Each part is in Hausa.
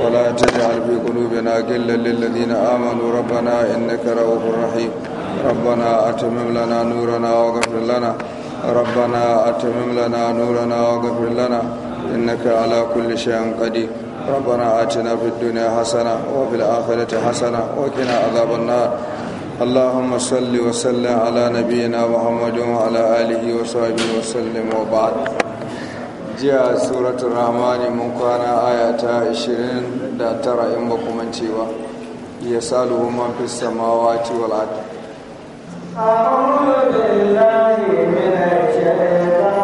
ولا تجعل في قلوبنا غلا للذين آمنوا ربنا إنك رؤوف رحيم ربنا أتمم لنا نورنا واغفر لنا ربنا أتمم لنا نورنا واغفر لنا إنك على كل شيء قدير ربنا آتنا في الدنيا حسنة وفي الآخرة حسنة وقنا عذاب النار اللهم صل وسلم على نبينا محمد وعلى آله وصحبه وسلم وبعد jiya suratun rahmani mun kwana aya ta 29 in ba kuma cewa ya saluhu man fi samawa ci wal'ad أعوذ بالله من الشيطان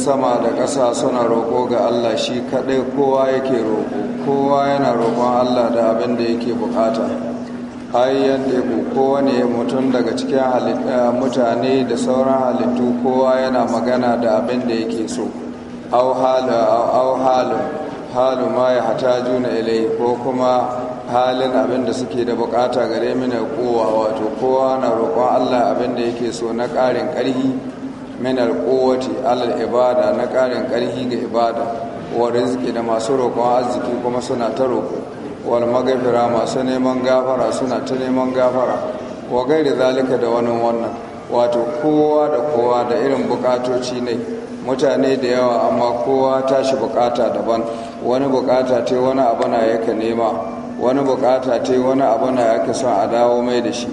sama da ƙasa suna roƙo ga Allah shi kaɗai kowa yake roƙo kowa yana roƙon Allah da abin da yake buƙata ayyan ɗebu kowane mutum daga cikin eh, mutane da sauran halittu kowa yana magana da abin da yake so au halu halu ma ya hata juna ilai ko kuma halin abin da suke da bukata gare mini kowa wato kowa na roƙon allah abin da yake so na ƙarin ƙarhi min alƙowati alal ibada na ƙarin ƙarfi ga ibada wa rizki da masu roƙon arziki kuma suna ta roƙo wal magafira masu neman gafara suna ta neman gafara wa gairi zalika da wani wannan wato kowa da kowa da irin bukatoci ne mutane da yawa amma kowa tashi buƙata daban wani buƙata ta wani abu na yake nema wani buƙata ta wani abu na yake son a dawo mai da shi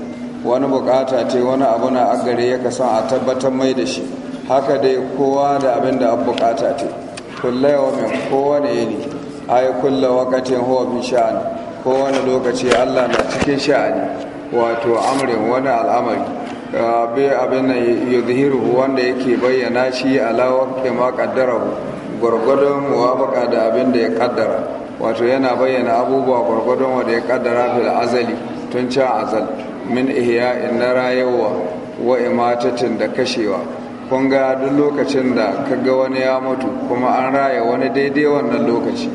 wani buƙata ta wani abu na agare yake son a tabbatar mai da shi haka dai kowa da abin da an bukata ce kulla yawa min kowane yini ai kulla wakatin huwa min sha'ani kowane lokaci allah na cikin sha'ani wato amrin wani al'amari bai abin nan yuzhiru wanda yake bayyana shi ala waqti ma qaddarahu gwargwadon muwafaka da abin da ya kaddara wato yana bayyana abubuwa gwargwadon wanda ya kaddara fil azali tun can azal min iya na rayuwa wa imatatin da kashewa kun ga duk lokacin da ka ga wani ya mutu kuma an raya wani daidai wannan lokaci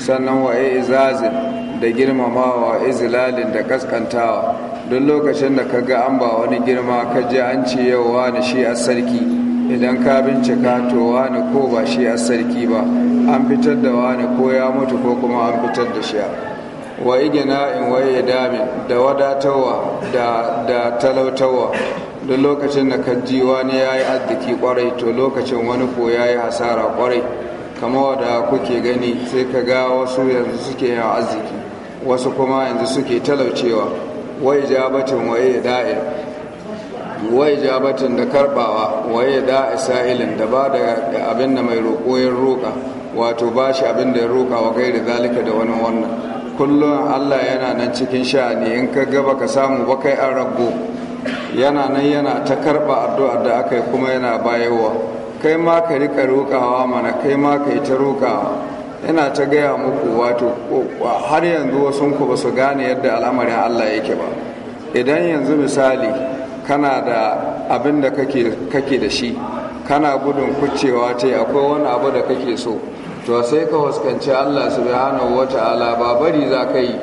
sannan wa e izazin da girmamawa izilalin da kaskantawa duk lokacin da kaga an ba wani girma kaji an ce yau wani shi a sarki idan ka bincika to wani ko ba shi a sarki ba an fitar da wani ko ya mutu ko kuma an fitar da shi wa in wa damin da wadatawa da talautawa duk lokacin da ka ji wani ya yi arziki kwarai to lokacin wani ko ya yi hasara kwarai kama da kuke gani sai ka ga wasu yanzu suke yin arziki wasu kuma yanzu suke talaucewa wai jabatin waye da'ir wai jabatin da karbawa waye da'i sa'ilin da ba da abin da mai roƙo ya roƙa wato ba shi abin da ya roƙa wa da zalika da wani wannan kullum allah yana nan cikin sha'ani in ka gaba ka samu bakai an rago yana nan yana ta karɓa addu'a da aka yi kuma yana bayowa kai ma ka rika rokawa mana kai ma ka yi ta rokawa yana ta gaya muku wato har yanzu wasu ku ba su gane yadda al'amarin Allah yake ba idan yanzu misali kana da abin da kake da shi kana gudun kucewa ta akwai wani abu da kake so to sai ka fuskanci Allah subhanahu wata'ala ba bari za ka yi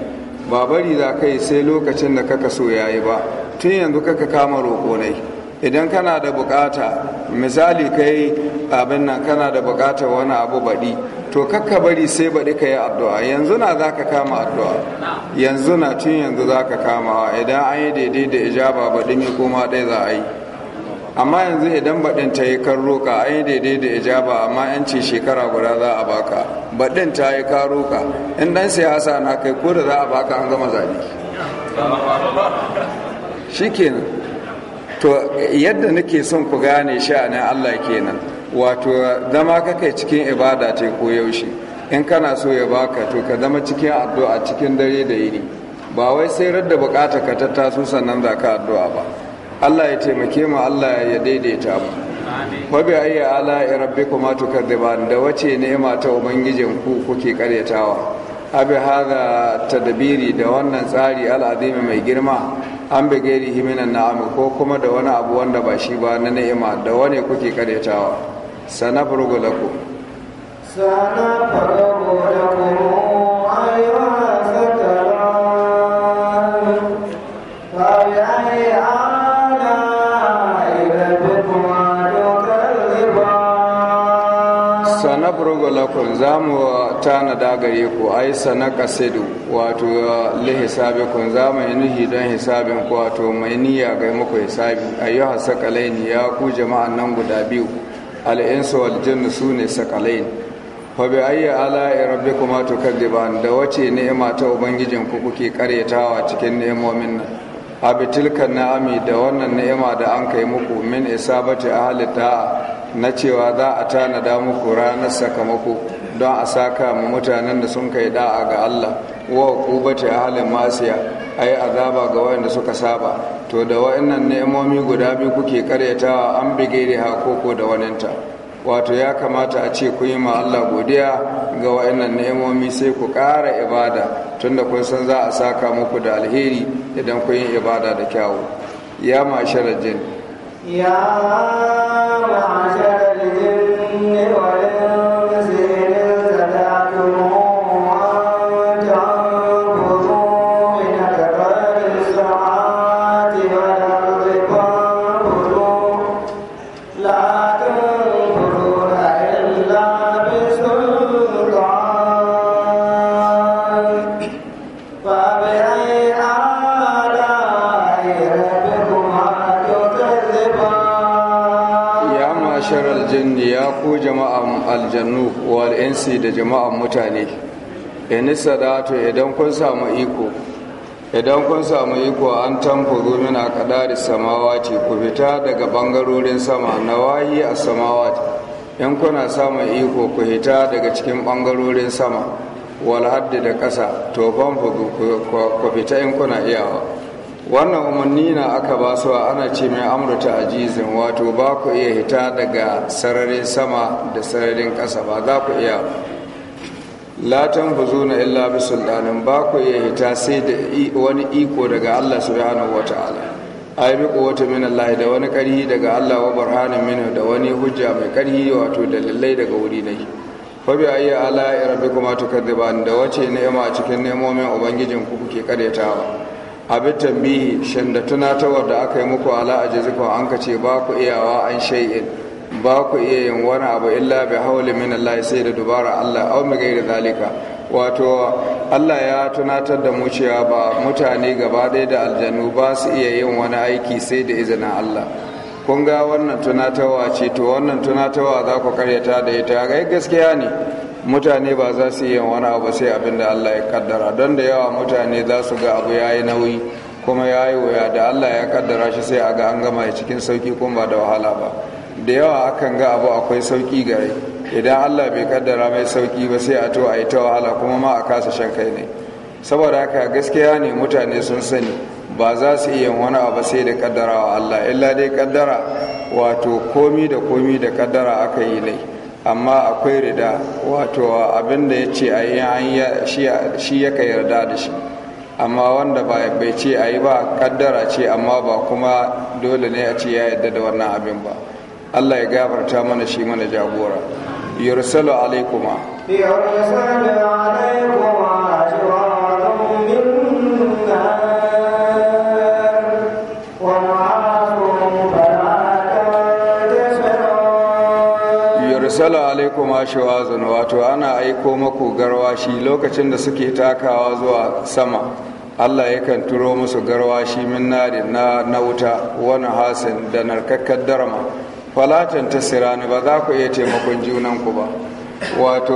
ba bari za ka yi sai lokacin da kaka so yayi ba tun yanzu kaka kama roƙo ne idan kana da bukata misali kai abin nan kana da bukata wani abu baɗi to kakka bari sai baɗi ka yi addu'a yanzu na za ka kama addu'a yanzu na tun yanzu za ka kama idan an yi daidai da ijaba baɗi ne koma ɗai za a yi amma yanzu idan baɗin ta yi kan roƙa an yi daidai da ijaba amma yanci shekara guda za a baka baɗin ta yi kan roƙa in ɗan siyasa na kai ko da za a baka an gama zaɓe shikenan to yadda nake son ku gane sha'anin Allah kenan wato zama kakai cikin ibada ce ko yaushe in kana so ya baka to ka zama cikin addu'a cikin dare da yini ba wai sai radda bukata ka ta taso sannan za ka addu'a ba Allah ya taimake mu Allah ya daidaita mu wa bi ayyi ala rabbikuma tukadziban da wace ni'ima ta ubangijin ku kuke karyatawa abi ta tadbiri da wannan tsari al'azimi mai girma an bigeri himinan na'ami ko kuma da wani abu wanda ba shi ba na ni'ima da wani kuke karyatawa sana furgulaku sana lakun za mu tanada gare ku ai sana kasidu wato uh, li kun za mu nuhi don hisabin ku wato mai niyya ga muku hisabi ayyuha hasakalaini ya ku jama'an nan guda biyu al'insu wal jinnu su ne sakalaini fa bi ayyi ala rabbikum tukadziban da wace ni'ima ta ubangijin ku kuke karyatawa cikin ni'imomin nan tilkan na'ami da wannan ni'ima da an kai muku min isabati ahli ta'a na cewa za a tanada muku ranar sakamako don a saka mu mutanen da sun kai da'a ga Allah wa a halin masiya ai azaba ga waɗanda suka saba to da wayannan ne'imomi guda biyu kuke karyatawa an bige da hakoko da waninta wato ya kamata a ce kun yi ma Allah godiya ga waannan ne'imomi sai ku ƙara ibada tunda kun san za a saka muku da alheri idan kun yi ibada da kyawu ya mashara jin ya aminci da jama'an mutane in sadatu idan kun samu iko idan kun samu iko an tamfuru mina kadari samawati ku fita daga bangarorin sama na wahi a samawati in kuna samun iko ku fita daga cikin bangarorin sama wal haddi da kasa to ban ku fita in kuna iyawa wannan umarni na aka ba su ana ce mai amurta ajizin wato ba ku iya hita daga sararin sama da sararin ƙasa ba za ku iya latan buzu na illa bi sultanin ba ku iya hita sai da wani iko daga allah subhanahu wa ta'ala ai bi wata min allah da wani ƙarhi daga allah wa burhanin min da wani hujja mai ƙarhi wato dalilai daga wuri na yi fa bi ayi ala rabbikum tukadiban da wace ma cikin nemomin ubangijin ku kuke karyatawa abin tambihi shin da tunatarwar da aka yi muku ala a jazikon an ka ce ba ku iyawa an shay'in ba ku iya yin wani abu illa bi hauli min Allah sai da dubara Allah au mi gairi zalika wato Allah ya tunatar da mu cewa ba mutane gaba ɗaya da aljannu ba su iya yin wani aiki sai da izinin Allah kun ga wannan tunatawa ce to wannan tunatawa za ku karyata da ita ga gaskiya ne mutane ba za su yi wani abu sai abin da Allah ya kaddara don da yawa mutane za su ga abu ya yi nauyi kuma ya yi wuya da Allah ya kaddara shi sai a ga an gama cikin sauki kuma ba da wahala ba da yawa akan ga abu akwai sauki gare idan Allah bai kaddara mai sauki ba sai a to a yi ta wahala kuma ma a kasa shan kai ne saboda haka gaskiya ne mutane sun sani ba za su iya wani abu sai da kaddara wa Allah illa dai kaddara wato komi da komi da kaddara aka yi ne amma akwai rida wato abin da ya ce a yi shi yaka yarda da shi amma wanda ba bai ce a yi ba kaddara ce amma ba kuma dole ne a ce ya yarda da wannan abin ba allah ya gafarta mana shi mana jagora yursalu alaikuma yursalu alaikuma yursala alaikum ashwazun wato ana aiko maku garwashi lokacin da suke takawa zuwa sama Allah yakan turo musu garwashi min nari na na wuta wani hasin da narkakkar darma falatan ta sirani ba za ku iya taimakon junanku ba wato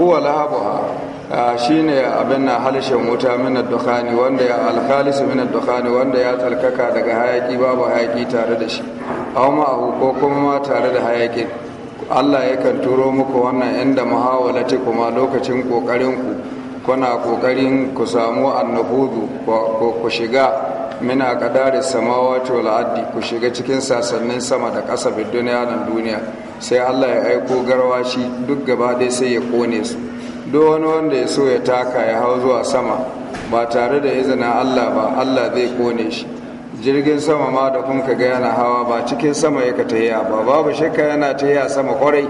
huwa shi ne abin na halishin wuta min dukhani wanda ya alkhalis min dukhani wanda ya talkaka daga hayaki babu hayaki tare da shi aw ma ko kuma tare da hayakin Allah yakan turo muku wannan inda muhawalati kuma lokacin ƙoƙarinku kuna kokarin ku samu annahudu ku shiga mina kadari samawati wal addi ku shiga cikin sasannin sama da ƙasa bi duniya nan duniya sai Allah ya aiko garwashi duk gaba dai sai ya kone su duk wani wanda ya so ya taka ya hau zuwa sama ba tare da izinin Allah ba Allah zai kone shi jirgin sama ma da kun ga yana hawa ba cikin sama ya ka tahiya ba babu shakka yana tahiya sama kwarai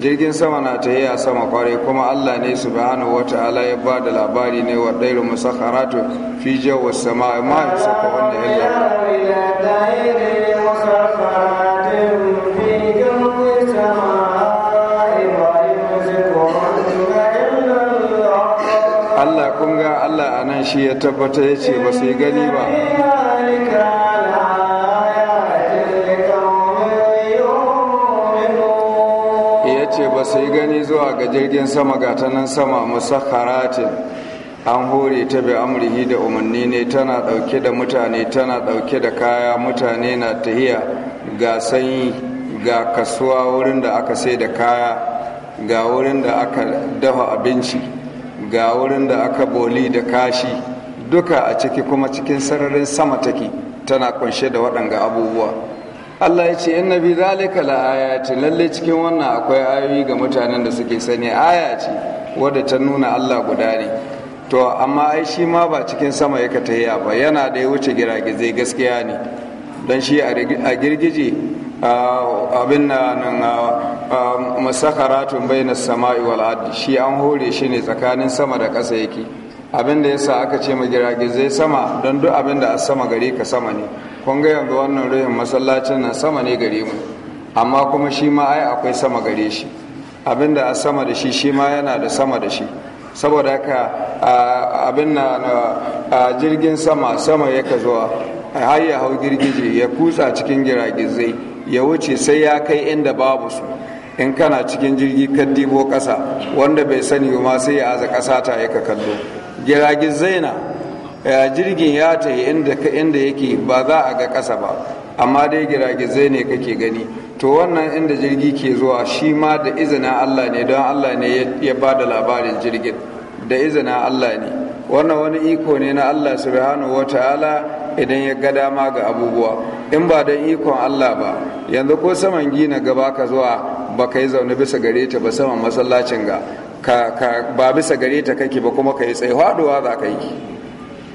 jirgin sama na tahiya sama kwarai kuma Allah ne subhanahu wata'ala ya ba da labari ne wa dairu musakharatu fi jawas sama'i ma yusakka wanda illa Allah kun ga Allah a nan shi ya tabbata ya ce ba su yi gani ba ba su gani zuwa ga jirgin sama ga ta nan sama musakharatin an hore ta bi amrihi da umarni ne tana dauke da mutane tana dauke da kaya mutane na tahiya ga sanyi ga kasuwa wurin da aka sai da kaya ga wurin da aka dafa abinci ga wurin da aka boli da kashi duka a ciki kuma cikin sararin sama take tana kunshe da waɗanga abubuwa Allah ya ce inna bi zalika la ayati lalle cikin wannan akwai ayoyi ga mutanen da suke sani aya ce wadda ta nuna Allah guda ne to amma ai shi ma ba cikin sama yake tahiya ba yana da ya wuce giragizai gaskiya ne dan shi a girgije abin na nan masakaratun bayna sama'i wal shi an hore shi ne tsakanin sama da ƙasa yake abin da yasa aka ce ma magiragizai sama don duk abinda a sama gare ka sama ne kun ga yanzu wannan ruhin masallacin nan sama ne gare mu amma kuma shi ma ai akwai sama gare shi abin da a sama da shi shi ma yana da sama da shi saboda haka abin na jirgin sama sama yaka zuwa har ya hau girgije ya kutsa cikin giragizai ya wuce sai ya kai inda babu su in kana cikin jirgi kan dibo ƙasa wanda bai sani ma sai ya aza ƙasa ta ka kallo jiragen zaina jirgin ya ta yi inda yake ba za a ga ƙasa ba amma dai zai ne kake gani to wannan inda jirgi ke zuwa shi ma da izina allah ne don allah ne ya ba da labarin jirgin da izinin allah ne wannan wani iko ne na allah subhanahu wata ta'ala idan ya ga dama ga abubuwa in ba don ikon allah ba yanzu ko saman gina gaba ka zuwa ba ka yi zaune bisa gare ta ba saman masallacin ga ka, ba bisa gare ta kake ba kuma ka yi tsaye haɗuwa za ka yi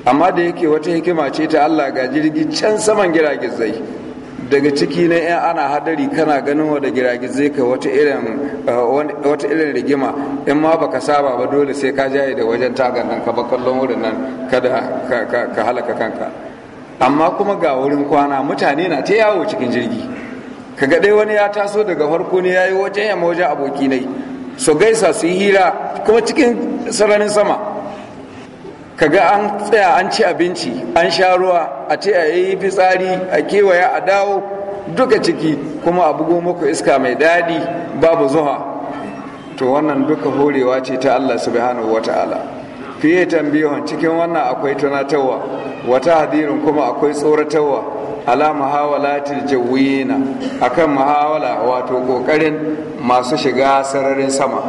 amma da yake wata hikima ce ta allah ga jirgi can saman giragizai daga ciki na yan ana hadari kana ganin wa da giragizai ka uh, wata irin rigima in ma baka saba ba dole sai ka jaye da wajen tagan nan ka ba kallon wurin nan kada ka halaka kanka amma kuma ga wurin kwana mutane na ta yawo cikin jirgi Ka dai wani ya taso daga farko ne yi wajen yamma wajen aboki ne su gaisa su yi hira kuma cikin sararin sama Ka ga an tsaya an ci abinci an sha ruwa a ce a yi fitsari a kewaye, a dawo duka ciki kuma a bugo muku iska mai daɗi babu zuwa. to wannan duka horewa ce ta allah subhanahu wa ta'ala fiye tambiyon cikin wannan akwai tunatarwa wata hadirin kuma akwai tsoratarwa ala muhawalatil jawiyina akan muhawala wato kokarin masu shiga sararin sama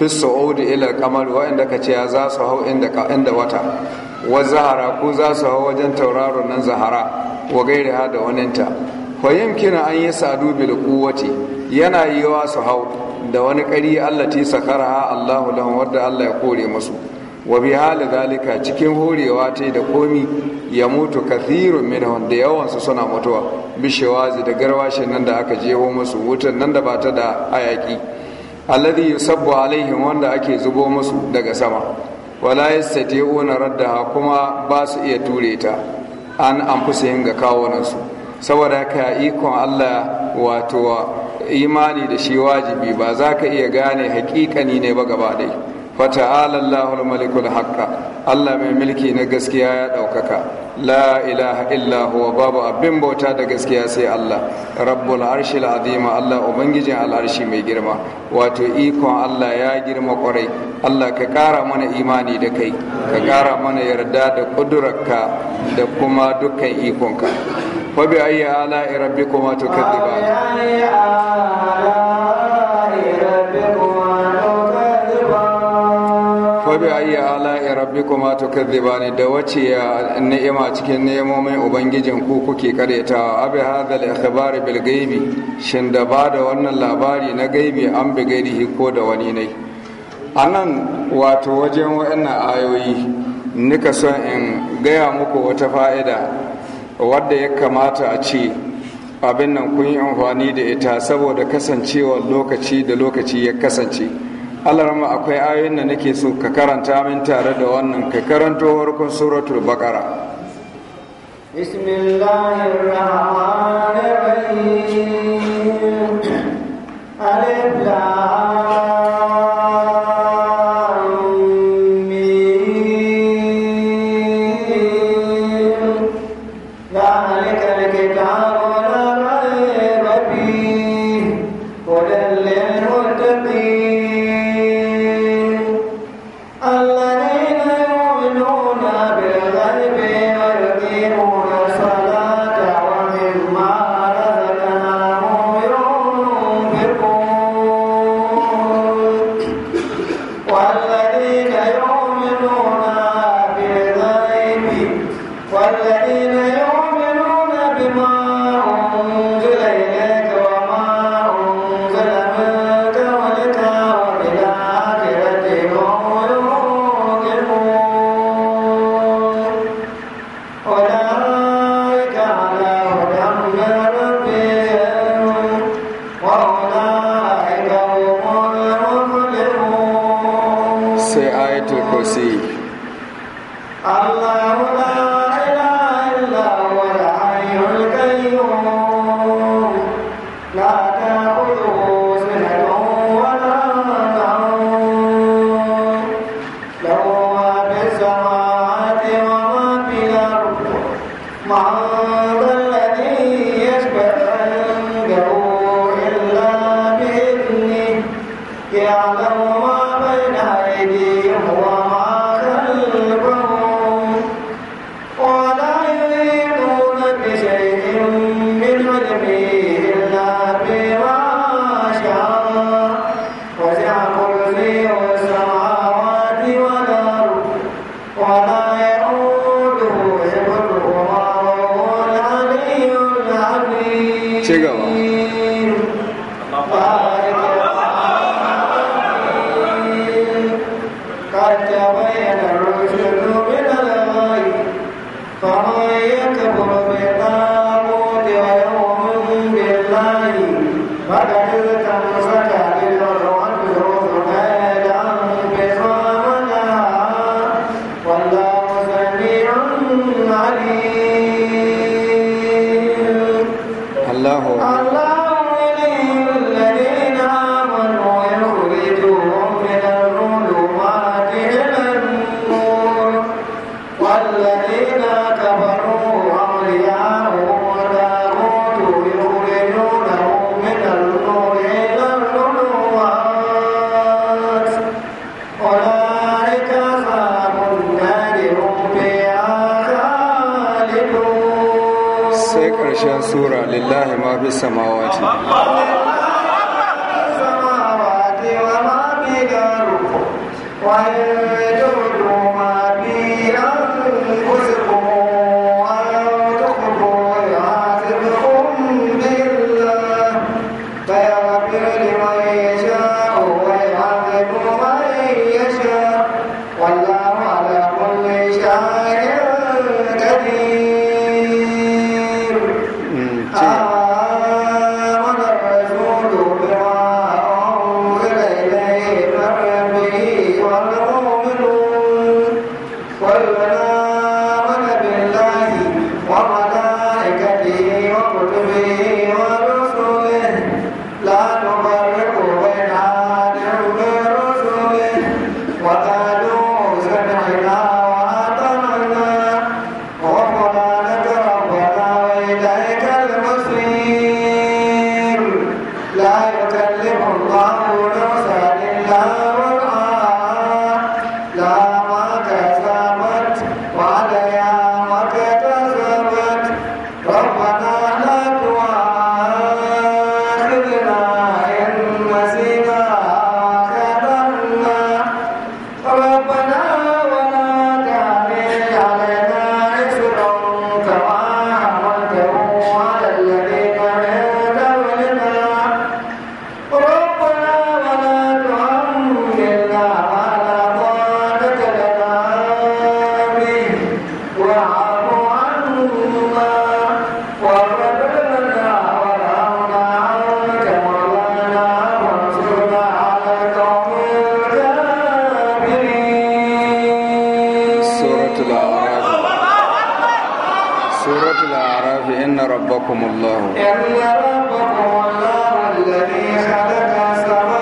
fi sa'udi ila kamar wa'anda ka ce za su hau inda wata wa zahara ko za su hau wajen tauraron nan zahara wa gairi ha da waninta fa yimkina an yi sadu bil quwwati yana yiwa su hau da wani kari allati sakaraha Allahu lahum wadda Allah ya kore musu wa bi hali zalika cikin horewa ta da komi ya mutu kathirun minhum da yawan suna mutuwa bishawazi da garwashe nan da aka jeho musu wutan nan da bata da hayaki alladhi yusabbu alaihim wanda ake zubo musu daga sama wala yastati'una raddaha kuma ba su iya ture ta an yin ga kawunan su saboda ka ikon Allah wato imani da shi wajibi ba za ka iya gane hakikani ne ba gaba ɗaya fata'ala Allahul malikul haqqa Allah mai mulki na gaskiya ya ɗaukaka la ilaha illa huwa babu abin bauta da gaskiya sai Allah rabbul arshil azima Allah ubangijin al'arshi mai girma wato ikon Allah ya girma kwarai Allah ka kara mana imani da kai ka kara mana yarda da kudurarka da kuma dukkan ikonka fa bi ayyi ala'i rabbikuma tukadziban bi ayi ala'i rabbikuma ni da wace ni'ima cikin nemomin ubangijin ku kuke kareta abi hadal ikhbar bil ghaibi shin da ba da wannan labari na gaibi an bi gairihi ko da wani ne anan wato wajen waɗannan ayoyi nika son in gaya muku wata fa'ida wadda ya kamata a ce abin nan kun yi amfani da ita saboda kasancewa lokaci da lokaci ya kasance alarma akwai ayoyin da nake so ka karanta min tare da wannan ka karanto harkun suratul baqara bismillahir samawati wa ma bi garu سورة الأعراف إن ربكم الله إن ربكم الله الذي خلق سبع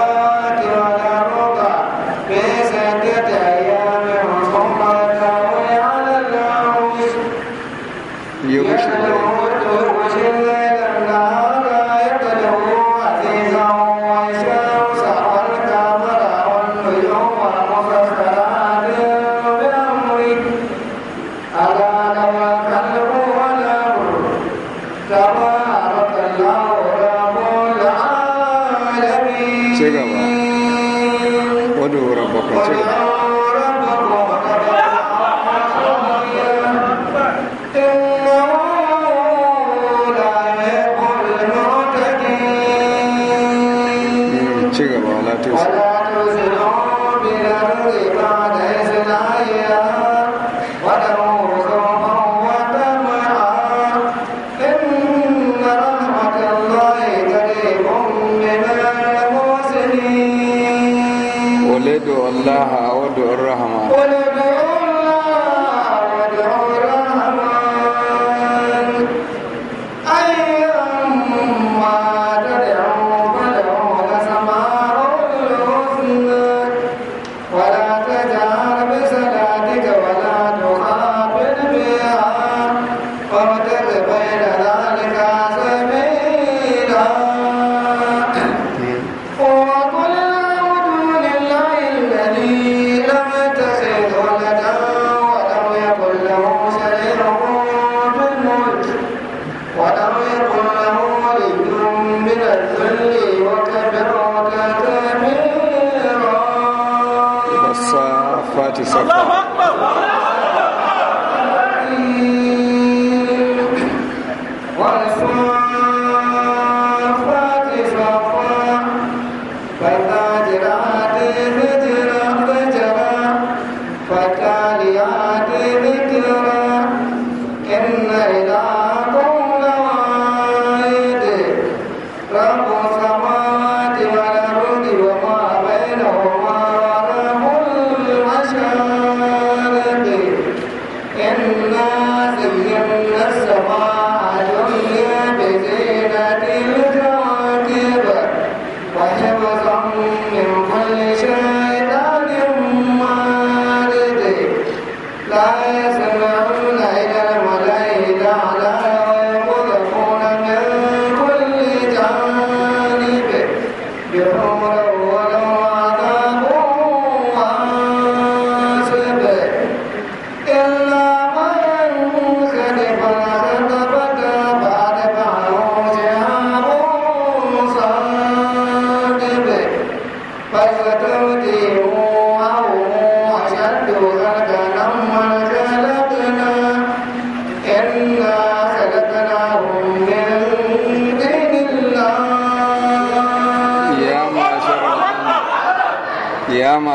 Allahu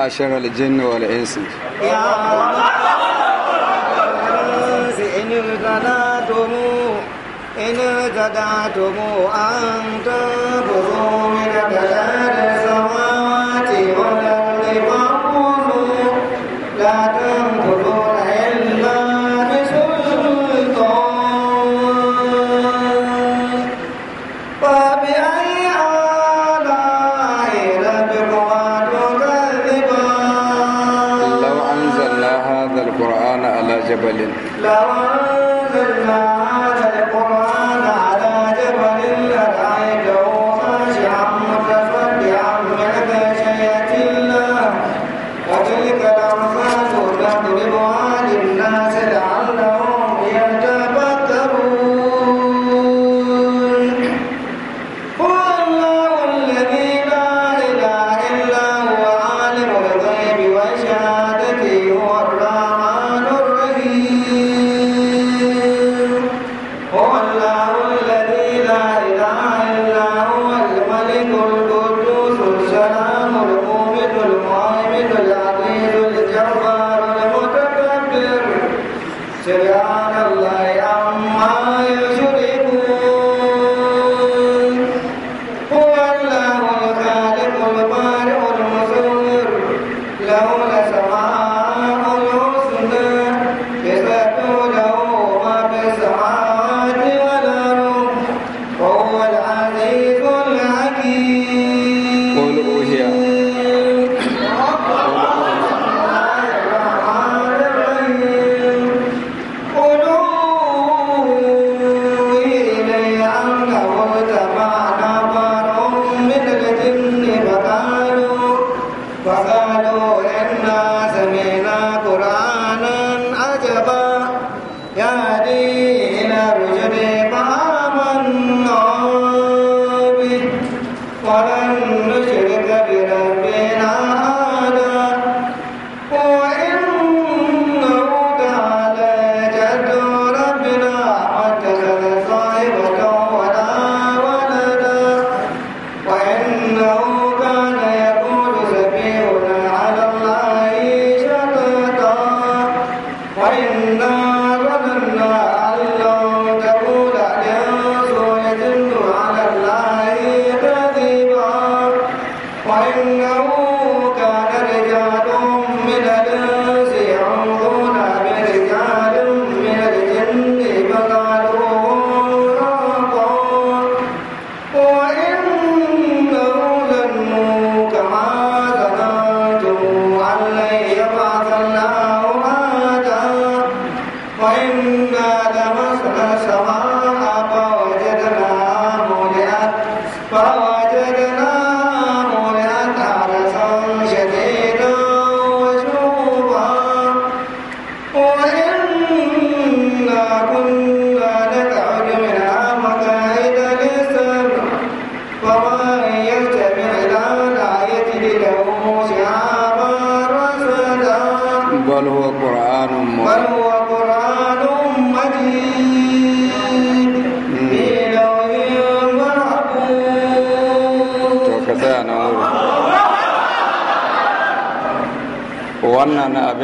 شغل الجن والإنس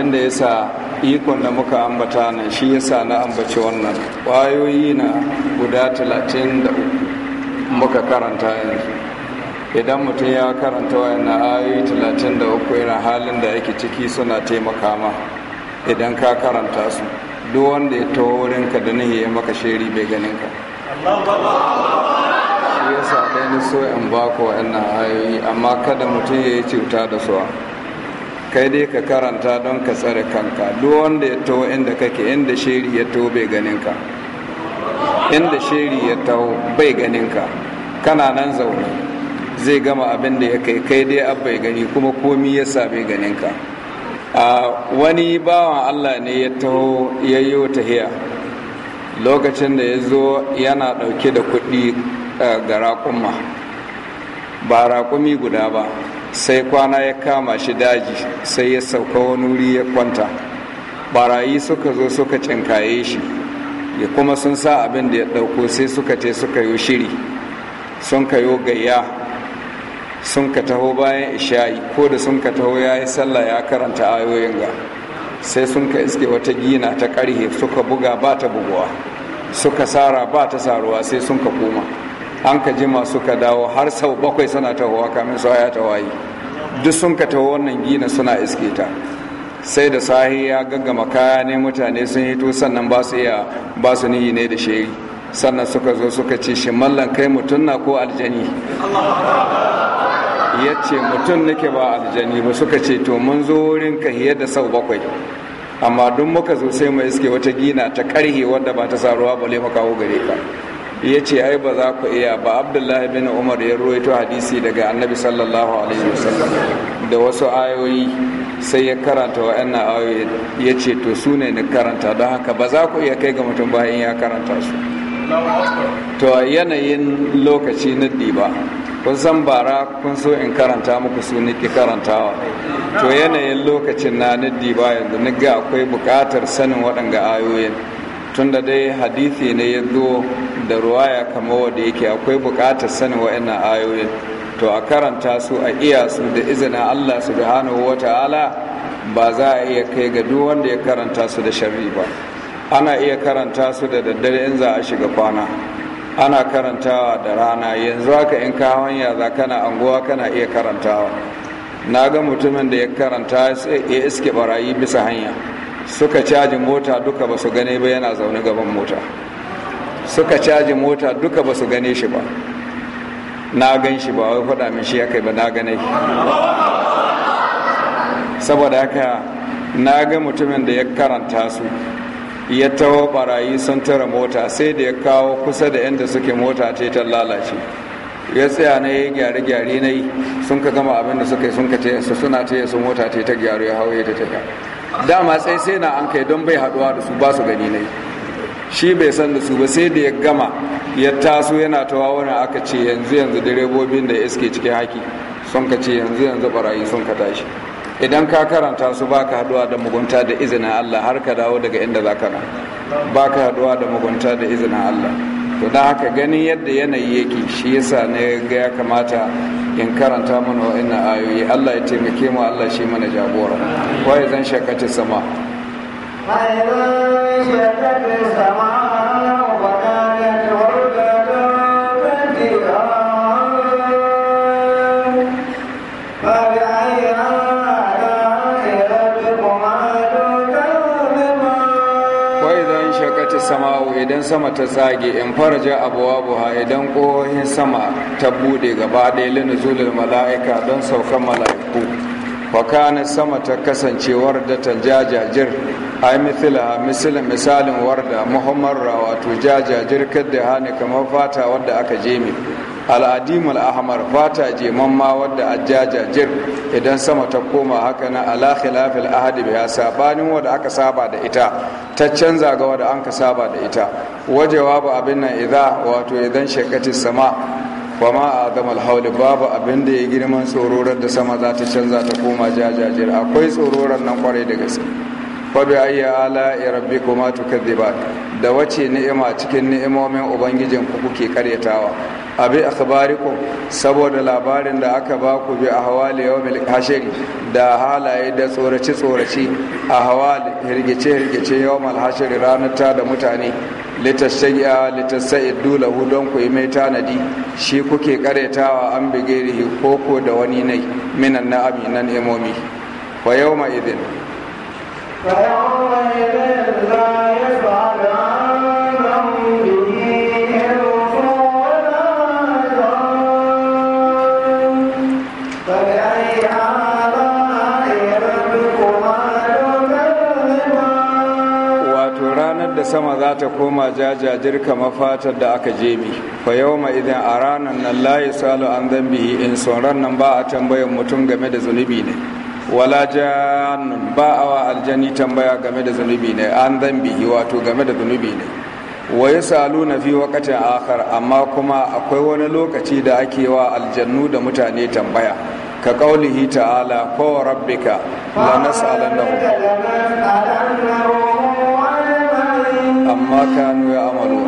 Wanda ya sa ikon da muka ambata nan shi ya sa na ambaci wannan ƙwayoyi na guda talatin da muka karanta yanzu idan mutum ya karanta wa yana ayoyi talatin da uku halin da yake ciki suna taimaka ma idan ka karanta su duk wanda ya taho wurinka da nihi ya maka sheri bai ganin ka shi sa ɗaya so in ba ku wayannan ayoyi amma kada mutum ya yi cuta da suwa kai dai ka karanta don ka tsare kanka duk wanda ya taho inda kake inda sheri ya taho bai ganin ka inda sheri ya taho bai ganin ka kana nan zaune zai gama abin da ya kai kai dai bai gani kuma komi ya sa bai ganin ka wani bawan allah ne ya taho ya yi tahiya lokacin da ya zo yana ɗauke da kuɗi eh, ga raƙumma ba raƙumi guda ba sai kwana ya kama shi daji sai ya sauka wani wuri ya kwanta barayi suka zo suka cinkaye shi ya kuma sun sa abin da ya ɗauko sai suka te suka yi shiri sun ka yo gayya sun ka taho bayan isha'i ko da sun ka taho ya yi sallah ya karanta ayoyin ga sai sun ka iske wata gina ta karhe suka buga ba ta buguwa suka sara ba ta saruwa sai sun ka koma an ka jima suka dawo har sau bakwai suna tahowa kamin su haya tawayi duk sun ka taho wannan gina suna iske ta sai da sahi ya gaggama kaya ne mutane sun hito sannan ba su iya ba su niyi ne da shiri sannan suka zo suka ce shi mallan kai mutum na ko aljani ya ce mutum nake ba aljani ba suka ce to mun zo wurin ka hiyar da sau bakwai amma duk muka zo sai mu iske wata gina ta karhe wadda ba ta saruwa bale makawo gare ka ya ce ai ba za ku iya ba abdullahi bin umar ya ruwaito hadisi daga annabi sallallahu alaihi wasallam da wasu ayoyi sai ya karanta wa 'yan ayoyi ya ce to su ne na karanta don haka ba za ku iya kai ga mutum bayan ya karanta su to yanayin lokaci na diba kun san bara kun so in karanta muku su niki karantawa to yanayin lokacin na na diba yanzu ga akwai buƙatar sanin waɗanga ayoyin Tun da dai hadithi ne ya zo da ruwaya kamar wanda yake akwai buƙatar sanin wa'annan ayoyin to a karanta su a iya su da izinin Allah subhanahu wata'ala ba za a iya kai ga duk wanda ya karanta su da sharri ba ana iya karanta su da daddare in za a shiga kwana ana karantawa da rana yanzu haka in ka hanya za kana anguwa kana iya karantawa na ga mutumin da ya karanta ya iske barayi bisa hanya suka caji mota duka ba su gane ba yana zaune gaban mota suka caji mota duka ba su gane shi ba na gan shi ba wai faɗa min shi ya kai ba na gane saboda haka na ga mutumin da ya karanta su ya tawo barayi sun tara mota sai da ya kawo kusa da yadda suke mota ta ta lalace ya tsaya na ya gyare gyare na yi sun ka gama abin da suka yi sun ka ce suna ce su mota ta ta gyaru ya hau ya ta tafiya dama sai sai na an kai don bai haduwa da su ba su gani ne shi bai san da su ba sai da ya gama ya taso yana tawa wani aka ce yanzu yanzu direbobin da iske cikin haki sun ka ce yanzu yanzu barayi sun ka tashi idan ka karanta su ba ka haduwa da mugunta da izinin allah har ka dawo daga inda za ka na ba ka haduwa da mugunta da izinin allah to da haka ganin yadda yanayi yake shi yasa ne ga ya kamata in karanta mana wa'annan ayoyi Allah ya taimake mu Allah shi mana jagora waye zan shakata sama idan sama ta tsage in faraja abuwa idan ƙohohin sama ta bude gaba ɗaya linuzulul mala'ika don saukan mala'iku fakana sama ta kasance warda ta jajajir ai mithila a misalin warda Muhammadu rawa to jajajir kadda hani kamar fata wadda aka jemi al'adimul ahmar fata mamma wadda ajjaja jir idan sama ta koma haka na ala khilafil ahadi biya sabanin wadda aka saba da ita ta canza ga wadda an ka saba da ita wajewa ba abin nan idza wato idan shekati sama wa ma azam babu abin da ya girman tsororar da sama za ta canza ta koma jajajir akwai tsororar nan kwarai da gaske fa bi ayyi ala rabbikuma tukadhiban da wace ni'ima cikin ni'imomin ubangijin ku kuke karyatawa abi akhbarikum saboda labarin da aka ba ku bi ahwali yawmil hashir da halaye da tsoraci-tsoraci a Hawa hirgice hirgice yawmil hashir ranar ta da mutane litashagi'a litasaidu lahu don ku yi mai tanadi shi kuke karyatawa an bigerihi koko da wani nai minan na'ami na imomi wa yawma idin فيومئذ لا يفعل sama za ta koma jajajir kamar fatar da aka jemi fa yau ma idan a ranar nan layi salo an zambi in sauran nan ba a tambayan mutum game da zunubi ne wala jannun ba a wa aljani tambaya game da zunubi ne an zambi wato game da zunubi ne wai salo na fi wakatin akar amma kuma akwai wani lokaci da ake wa aljannu da mutane tambaya ka kaulihi ta'ala ko rabbika la nas'alannahum amma kanu ya amalu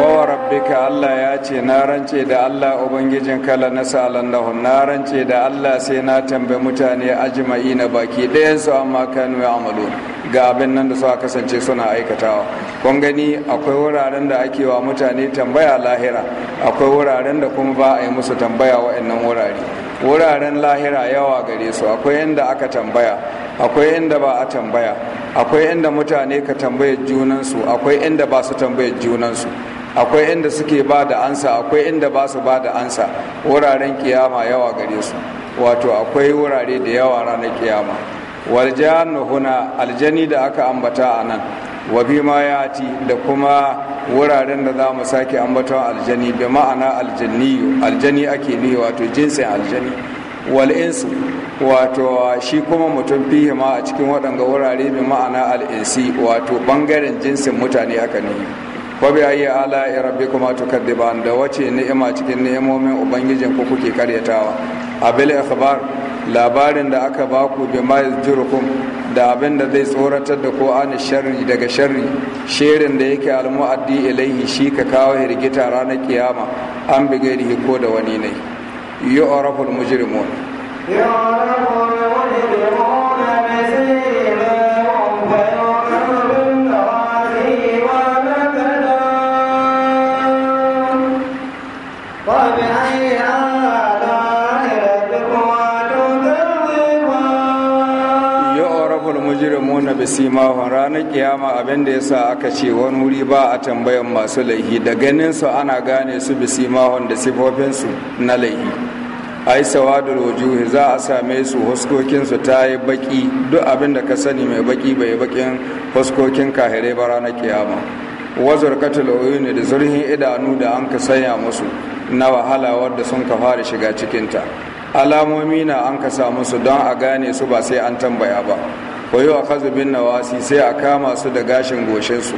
kowa rabbika Allah ya ce na rance da Allah ubangijin kala na sa'alan lahun na rance da Allah sai na tambayi mutane ajima'i na baki ɗayansu amma kanu ya amalu ga abin nan da suka kasance suna aikatawa kun gani akwai wuraren da ake wa mutane tambaya lahira akwai wuraren da kuma ba a yi musu tambaya wa'annan wurare wuraren lahira yawa gare su akwai inda aka tambaya akwai inda ba a tambaya akwai inda mutane ka tambaya junansu akwai inda ba su tambaya junansu akwai inda suke ba da ansa akwai inda ba su ba da ansa wuraren kiyama yawa gare su wato akwai wurare da yawa ranar kiyama waljannu nuhuna aljani da aka ambata a nan wa ma ya ati da kuma wuraren da za mu sake ambaton aljani bi ma'ana aljanni aljani ake ne wato jinsin aljani wal insu wato shi kuma mutum fihi ma a cikin waɗanga wurare bi ma'ana al'insi wato ɓangaren jinsin mutane aka ne wa bi ayi ala rabbi kuma tukadiban da wace ni'ima cikin ni'imomin ubangijin ku kuke karyatawa abil akhbar labarin da aka baku bi ma da abin da zai tsoratar da ko an sharri daga sharri sherin da yake almu'addi ilaihi shi ka kawo hirgita ranar kiyama an da ko da wani ne yi al-mujrimun yu'rafu man. bi ranar kiyama abinda da sa aka ce wani wuri ba a tambayan masu laihi da ganin su ana gane su bi da sifofinsu na laihi ai sawadar wujuhi za a same su huskokinsu ta yi baki duk abin da ka sani mai baki bai bakin huskokin kahirai ba ranar kiyama wazar katul ne da zurhin idanu da an ka sanya musu na wahala wadda sun ka fara shiga cikinta alamomi na an ka sa musu don a gane su ba sai an tambaya ba koyo a kazubin nawasi sai a kama su da gashin goshinsu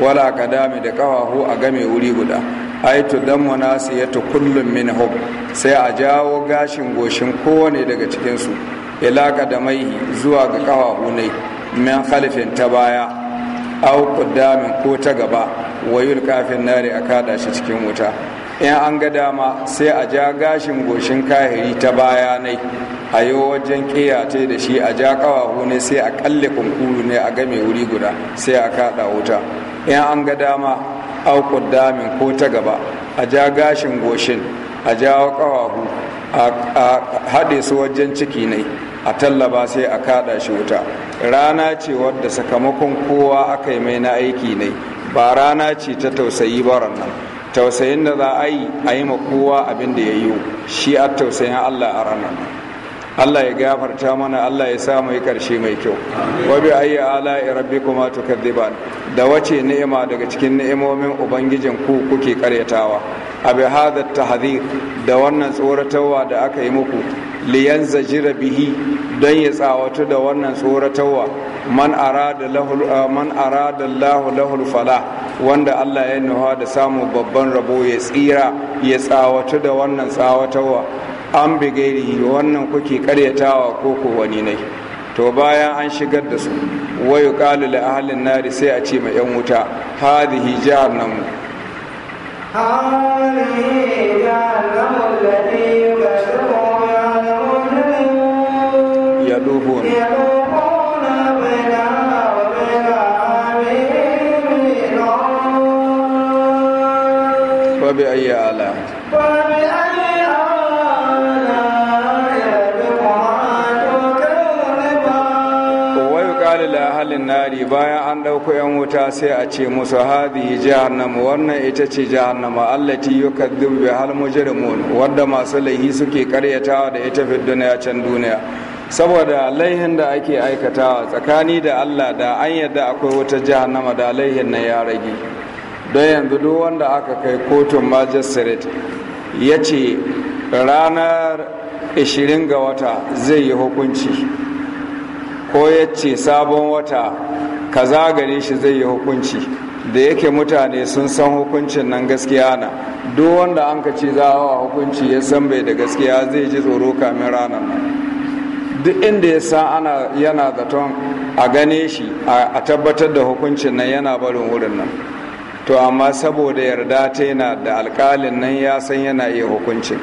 wala ka dami da ƙafafu a game wuri guda aitu dan munasi ya kullum min hub sai a jawo gashin goshin kowane daga cikinsu da maihi zuwa ga ƙafafu ne min khalifin ta baya au kudamin ko ta gaba wayul kafin nari a kada shi cikin wuta in an ga dama sai a ja gashin goshin kahiri ta bayanai a yi wajen ƙiyata da shi a ja ƙawahu ne sai a ƙalle kunkuru ne a game wuri guda sai a kaɗa wuta in an ga dama aukun damin ko ta gaba a ja gashin goshin a ja ƙawahu a haɗe su wajen ciki ne a tallaba sai a kaɗa shi wuta rana ce wadda sakamakon kowa aka yi mai na aiki ne ba rana ce ta tausayi ba nan tausayin da za a yi a yi ma kowa abin da ya yi shi a tausayin allah a ranar Allah ya gafarta mana Allah ya sa yi karshe mai kyau wabi a ayi ala rabbi rabbikuma tukadziban da wace ni'ima daga cikin ni'imomin ubangijin ku kuke karyatawa abi hadha tahdhir da wannan tsoratarwa da aka yi muku liyan zajira bihi don ya tsawatu da wannan tsoratarwa man arada ah, lahu lahul fala wanda Allah ya nuha da samun babban rabo ya tsira ya tsawatu da wannan tsawatarwa an bigairi wannan kuke karyatawa ko ko wani ne to bayan an shigar da su wayu qalu li ahlin nari sai a ce ma yan wuta hadhihi jahannam hadhihi jahannam allati nari bayan an ɗauko 'yan wuta sai a ce musu hadi jahannama wannan ita ce jahannama allati yukadhibu bi hal mujrimun wanda masu laihi suke karyatawa da ita fi duniya can duniya saboda laihin da ake aikatawa tsakani da Allah da an yadda akwai wata jahannama da laihin nan ya rage don yanzu duk wanda aka kai kotun magistrate ya ce ranar 20 ga wata zai yi hukunci ko ya ce sabon wata kaza zagare shi zai yi hukunci da yake mutane sun san hukuncin nan gaskiya na duk wanda an ka ce za a hukunci ya san bai da gaskiya zai ji tsoro kamin ranar nan duk inda ya sa ana yana zaton a gane shi a tabbatar da hukuncin nan yana barin wurin nan to amma saboda yarda ta yana da alkalin nan ya san yana iya hukuncin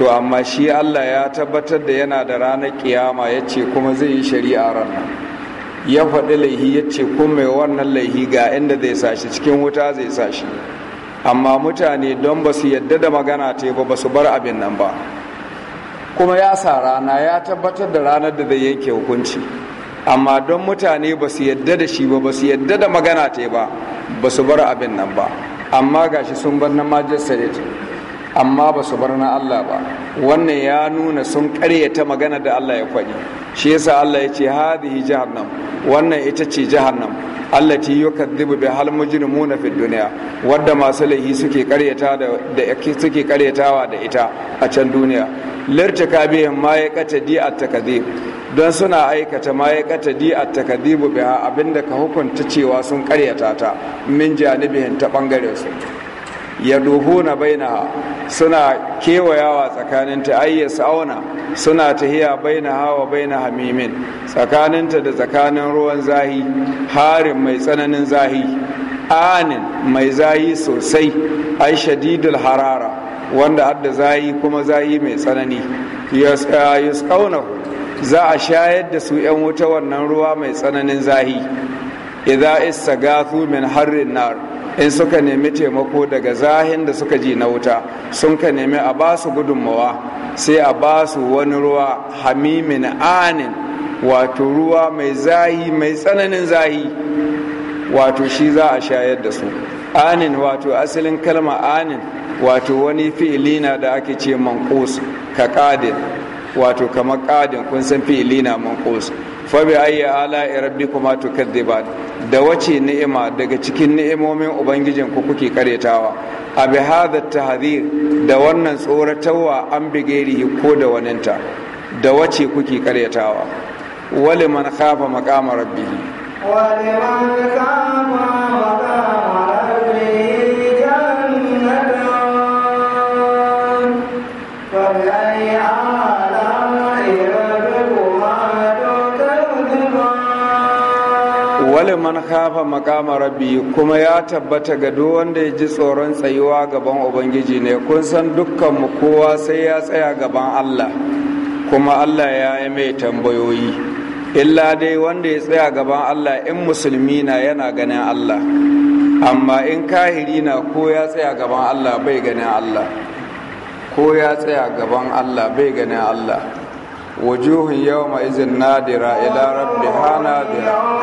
to amma shi Allah ya tabbatar da yana da ranar kiyama ya ce kuma zai yi shari'a ranar ya faɗi laihi ya ce kun mai wannan laihi ga inda zai sashi cikin wuta zai sashi amma mutane don ba su yadda da magana ta ba ba su bar abin nan ba kuma ya sa rana ya tabbatar da ranar da zai yanke hukunci amma don mutane ba su yadda da shi ba ba su yadda da magana ta ba ba su bar abin nan ba amma gashi sun bar na majalisar amma ba su bar na Allah ba wannan ya nuna sun karyata magana da Allah ya faɗi shi yasa Allah ya ce hadhihi jahannam wannan ita ce jahannam allati yukadzibu bi hal mujrimuna fi dunya wadda masu laihi suke karyata da karyatawa da ita a can duniya lirtaka biyan ma kata di at takdhib don suna aikata ma ya kata di a takadibu biha abinda ka hukunta cewa sun karyata ta min janibihin ta bangare su Ya na yaduhuna na suna kewayawa tsakaninta ai auna suna tahiya hawa hawa baina hamimin tsakaninta da tsakanin ruwan zahi harin mai tsananin zahi anin mai zahi sosai ai shadidul harara wanda adda zahi kuma zahi mai tsanani yusqaunahu za a shayar da su 'yan wuta wannan ruwa mai tsananin zahi idza istagathu min harrin nar in suka nemi taimako daga zahin da suka ji na wuta sun ka nemi a ba su gudunmawa sai a ba su wani ruwa hamimin anin wato ruwa mai zahi mai tsananin zahi wato shi za a shayar da su anin wato asalin kalma anin wato wani fi'ilina da ake ce manqus ka kadin wato kamar kadin kun san fi'ilina manqus fa bi ayyi ala rabbikuma tukadiban da wace ni'ima daga cikin ni'imomin ubangijin ku kuke karetawa a bi ta tahzir da wannan tsoratarwa an bigerihi ko da waninta da wace kuke karetawa wali man khafa maqama rabbihi wali man khafa maqama man khafa maqama rabbi kuma ya tabbata ga duk wanda ya ji tsoron tsayuwa gaban ubangiji ne kun san dukkan mu kowa sai ya tsaya gaban Allah kuma Allah ya yi mai tambayoyi illa dai wanda ya tsaya gaban Allah in musulmi na yana ganin Allah amma in kahiri na ko ya tsaya gaban Allah bai ganin Allah ko ya tsaya gaban Allah bai ganin Allah وجوه يومئذ نادرة إلى ربها نادرة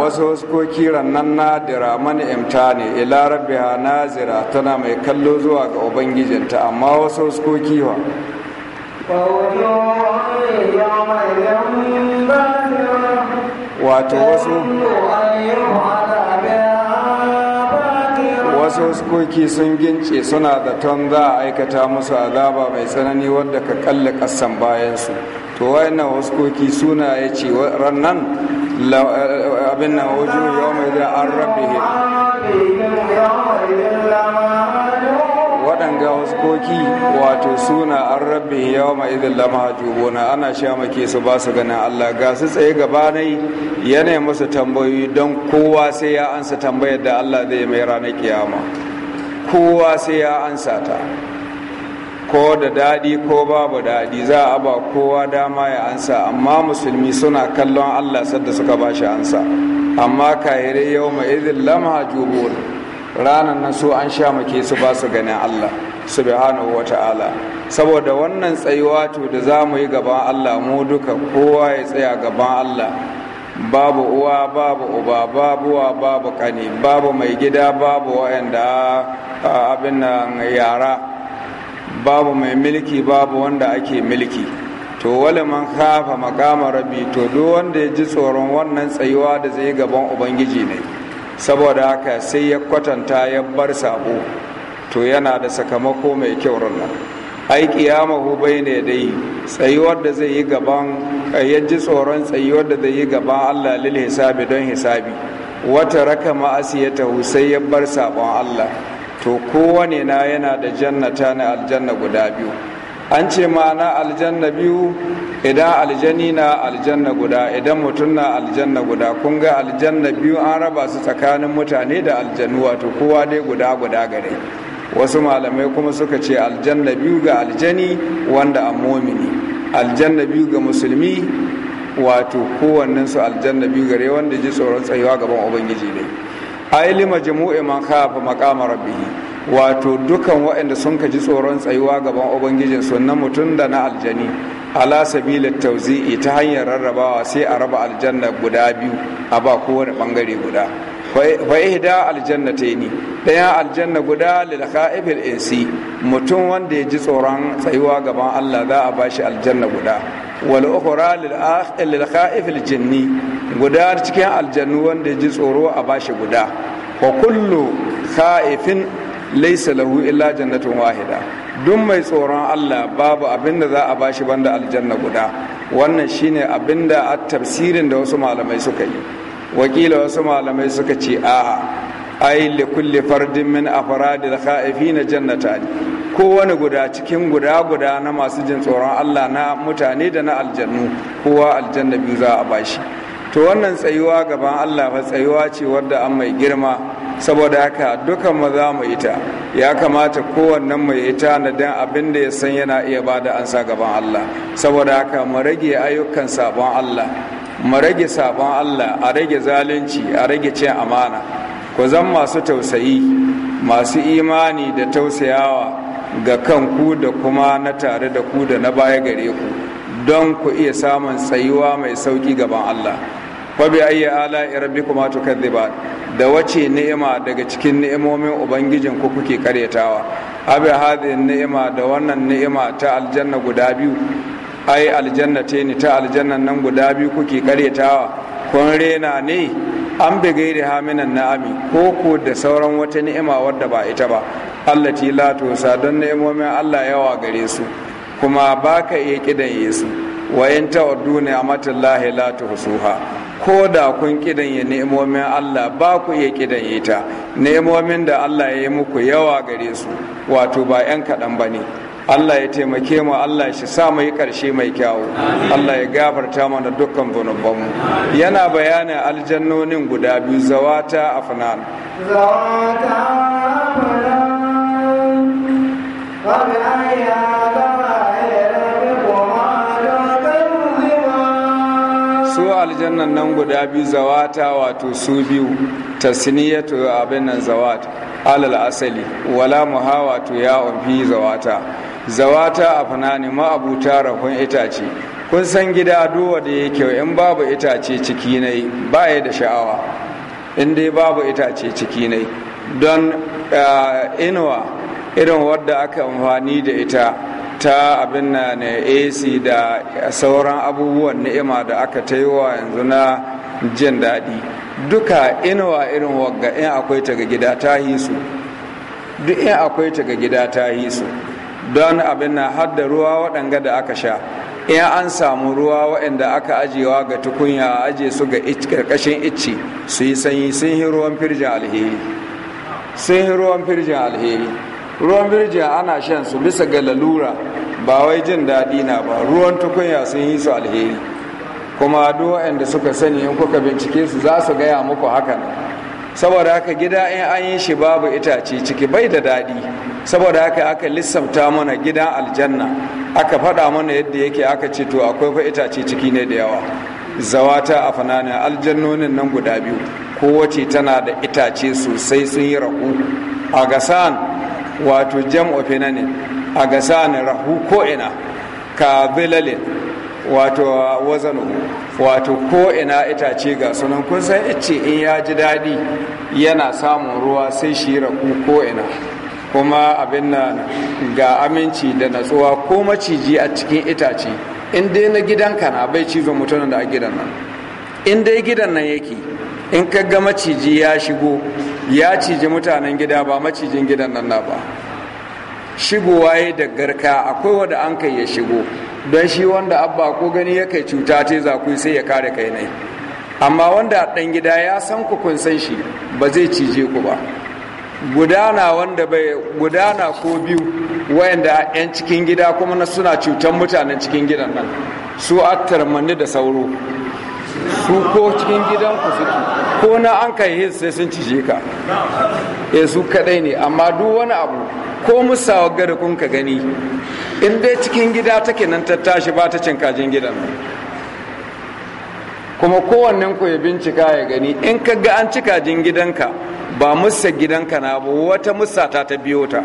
wasu huskoki rannan nadira mani imta ne ila rabbiha nazira tana mai kallo zuwa ga ubangijinta amma wasu huskoki wa wato wasu wasu huskoki sun gince suna da ton za a aikata musu azaba mai tsanani wadda ka kalli kasan bayansu to wayannan hukoki suna ya ce rannan abin nan wajen yawon mai da an rabihim ga waskoki wato suna an rabbi yawa ma'izin idin lamahajubuna ana shamake su ba su ganin Allah ga su tsaye gabanai yanayi masu tambayoyi don kowa sai ya ansa tambayar da Allah zai mai ranar kiyama kowa sai ya ansa ta ko da daɗi ko babu daɗi za a ba kowa dama ya ansa amma musulmi suna kallon Allah sadda suka ba shi ansa amma kahirai yau ma'izin idin ranar nan so an sha make su ba su ganin Allah subhanahu ta'ala. saboda wannan tsayuwa to da za mu yi gaban Allah mu duka kowa ya tsaya gaban Allah babu uwa babu uba babu wa babu kani babu mai gida babu wa'anda abin nan yara babu mai milki babu wanda ake milki to wale man kafa makama rabi to duk wanda ya ji tsoron wannan tsayuwa da zai gaban ubangiji ne saboda haka sai ya kwatanta ya bar sabo to yana da sakamako mai kyau ranar mahu bai ne dai tsayuwar da zai yi gaban eh, ji tsoron tsayuwar da zai yi gaban Allah lil hisabi don hisabi wata raka ma'asi ya tahu sai ya bar sabon Allah to kowane na yana da jannata na aljanna guda biyu an ce ma'ana aljanna biyu idan aljani na aljanna guda idan mutum na aljanna guda kun ga aljanna biyu an raba su tsakanin mutane da aljanu wato kowa dai guda guda gare wasu malamai kuma suka ce aljanna biyu ga aljani wanda a momini aljanna biyu ga musulmi wato kowannensu aljanna biyu gare wanda ji tsoron tsayuwa gaban ubangiji ne aili jimu'i man kafa makama rabbi wato dukan waɗanda sun ka ji tsoron tsayuwa gaban ubangijin su na mutum da na aljani ala sabila tauzi'i ta hanyar rarrabawa sai a raba aljanna guda biyu a ba kowane bangare guda fa ihda aljannataini daya aljanna guda lil kha'ibul insi mutum wanda ya ji tsoron tsayuwa gaban Allah za a bashi aljanna guda wal ukhra lil akhil lil kha'ifil jinni guda cikin aljannu wanda ya ji tsoro a bashi guda wa kullu kha'ifin laysa lahu illa jannatun wahida duk mai tsoron Allah babu abin da za a bashi banda aljanna guda wannan shine abinda a tafsirin da wasu malamai suka yi wakila wasu malamai suka ce a ai li kulli fardin min afradil khaifina ko kowane guda cikin guda guda na masu jin tsoron Allah na mutane da na aljannu kowa aljanna biyu za a bashi to wannan tsayuwa gaban Allah fa tsayuwa ce wadda an mai girma saboda haka dukan maza mu ita ya kamata kowannen mu ita na dan abin da ya san yana iya bada ansa gaban Allah saboda haka mu rage ayyukan sabon Allah mu rage sabon Allah a rage zalunci a rage cin amana ku zan masu tausayi masu imani da tausayawa ga kanku da kuma na tare da ku da na baya gare ku don ku iya samun tsayuwa mai sauki gaban Allah fabi ayi ala rabbikuma tukadhiba da wace ni'ima daga cikin ni'imomin ubangijin ku kuke karyatawa abi hadhihi ni'ima da wannan ni'ima ta aljanna guda biyu ai aljannate ni ta aljannan nan guda biyu kuke karyatawa kun rena ne an bi da haminan na'ami ko ko da sauran wata ni'ima wadda ba ita ba Allah ti latosa don ni'imomin Allah yawa gare su kuma baka iya kidan yesu wa in wadu ne a matallahi la ko da kun kidan ya ni'imomin Allah ba ku iya kidan ta ni'imomin da Allah ya yi muku yawa gare su wato ba 'yan kaɗan ba ne Allah ya taimake mu Allah shi sa mu yi ƙarshe mai kyawu Allah ya gafarta mana dukkan zunubanmu yana bayanin aljannonin guda biyu zawata afnan zawata afnan eh, su aljannan nan guda biyu zawata wato su biyu tasniyatu abin nan zawata alal asali wala muhawatu ya fi zawata zawata a afnani ma'abuta rafin itace kun san gida duwa da yake kyau in babu itace ciki ne ba ya da sha'awa in dai babu itace ciki ne don inuwa irin wadda aka amfani da ita ta abin na ac da sauran abubuwan ni'ima da aka ta yi wa yanzu na jin daɗi duka inuwa irin wagga in akwai ta ga gida ta hisu duk in akwai ta ga gida ta hisu don abin na hadda ruwa waɗanga da aka sha in an samu ruwa waɗanda aka ajiyewa ga tukunya a aje su ga ƙarƙashin icci su yi sanyi sun yi ruwan firjin alheri sun yi ruwan firjin alheri ruwan firjin ana shan su bisa ga lalura ba wai jin daɗi na ba ruwan tukunya sun yi su alheri kuma duk waɗanda suka sani in kuka bincike su za su gaya muku hakan saboda haka gida in an yi shi babu itace ciki bai da daɗi saboda haka aka lissafta mana gidan aljanna aka faɗa mana yadda yake aka ce to akwai fa itace ciki ne da yawa zawata a fanani aljannonin nan guda biyu kowace tana da itace sosai sun yi rahu a gasan wato jam'u ne a gasan rahu ko'ina ka bilalin wato wazanu wato ko'ina itace ga sunan kun san ice in ya ji daɗi yana samun ruwa sai shi rahu ko'ina kuma abin nan ga aminci da natsuwa ko maciji a cikin itace in dai na gidanka na bai cizo mutanen da a gidan nan in dai gidan nan yake in ka ga maciji ya shigo ya ciji mutanen gida ba macijin gidan nan na ba shigowa ya da garka akwai wanda an kai ya shigo don shi wanda abba ko gani ya kai cuta ce za ku sai ya kare kai ne amma wanda ɗan gida ya san ku kun san shi ba zai cije ku ba gudana wanda bai gudana ko biyu wayanda 'yan cikin gida kuma na suna cutar mutanen cikin gidan nan su manni da sauro su ko cikin gidan ku suke ko na an kai hin sai sun ci ka e su kadai ne amma duk wani abu ko musawa gari kun ka gani in dai cikin gida take nan ta tashi ba ta cin kajin gidan kuma kowannen ku ya bincika ya gani in ka ga an ci kajin gidanka ba musa gidanka na ba wata musa ta ta biyo ta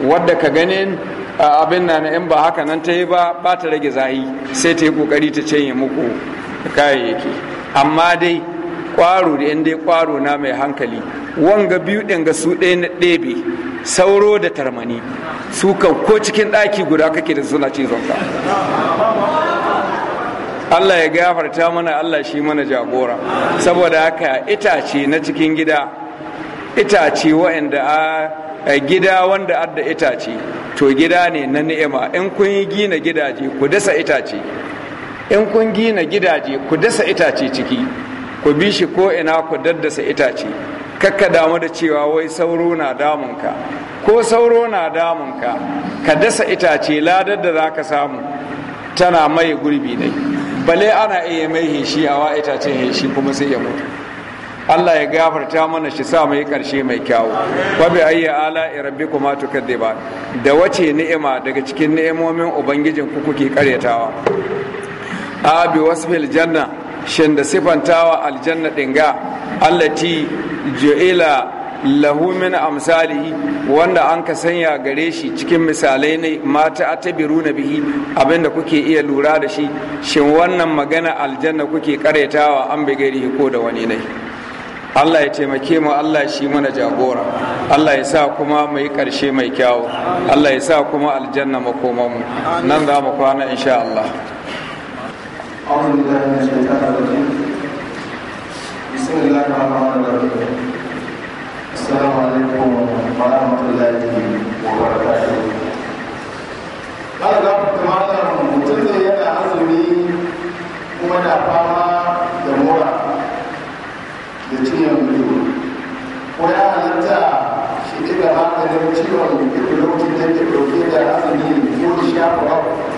wadda ka ganin abin na in ba haka nan ta yi ba ba ta rage zahi sai ta yi kokari ta canye muku kayayyaki amma dai kwaro da dai kwaro na mai hankali wanga biyu ɗin ga su ɗaya na ɗebe sauro da tarmani su ko cikin ɗaki guda kake da suna cizon ka Allah ya gafarta mana Allah shi mana jagora saboda haka itace na cikin gida itace wa'anda a gida wanda adda itace to gida ne na ni'ima in kun yi gina gidaje ku dasa itace in kun gina gidaje ku dasa itace ciki ku bi shi ko ina ku daddasa itace kakka damu da cewa wai sauro na damunka ko sauro na damunka ka ka dasa itace ladar da za ka samu tana mai gurbi ne. bale ana iya mai heshi a itace heshi kuma sai ya mutu Allah ya gafarta mana shi sa mai karshe mai kyawu wa bi ayya ala rabbikuma tukadiba da wace ni'ima daga cikin ni'imomin ubangijin ku kuke karyatawa a bi wasfil janna shin da sifantawa aljanna dinga allati ju'ila lahu min amsalihi wanda an ka sanya gare shi cikin misalai ne mata atabiru na bihi abinda kuke iya lura da shi shin wannan magana aljanna kuke karyatawa an bigari ko da wani ne Allah ya taimake mu Allah shi mana jagora Allah ya sa kuma mu yi ƙarshe mai kyawu Allah ya sa kuma aljanna mu. nan za mu kwana insha Allah بسم الله الرحمن الرحيم السلام عليكم ورحمة الله وبركاته Allah ga kamata mutum zai yana azumi kuma da fama da mura da cinyar mutu. Ko ya halatta shi daga maganin ciwon da ke da ke da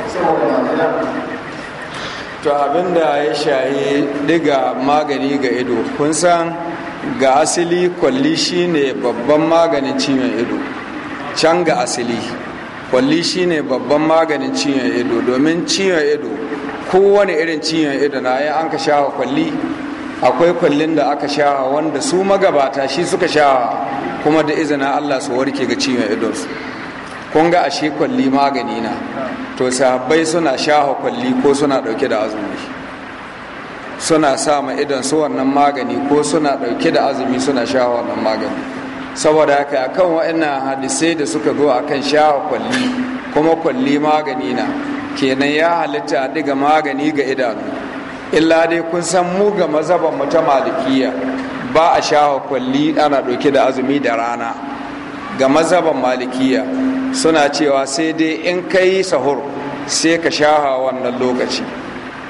saboda To abinda ya shayi diga magani ga ido, kun san ga asali kwalli shine babban maganin ciwon ido can ga asali kwalli shine babban maganin ciwon ido domin ciwon ido kowane irin ciwon ido na yi an ka sha kwalli akwai kwallin da aka sha wanda su magabata shi suka shawa kuma da izinin allah su warke ga ciwon idonsu kun ga ashe kwalli magani na to sahabbai suna sha kwalli ko suna dauke da azumi suna sa ma idan su wannan magani ko suna ɗauke da azumi suna sha wannan magani saboda haka akan wa'annan hadisai da suka zo akan sha kwalli kuma kwalli magani na kenan ya halitta a diga magani ga idanu illa dai kun san mu ga mazaban mu ta malikiya ba a sha kwalli ana ɗauke da azumi da rana ga mazaban malikiya suna cewa sai dai in kai sahur sai ka shaha wannan lokaci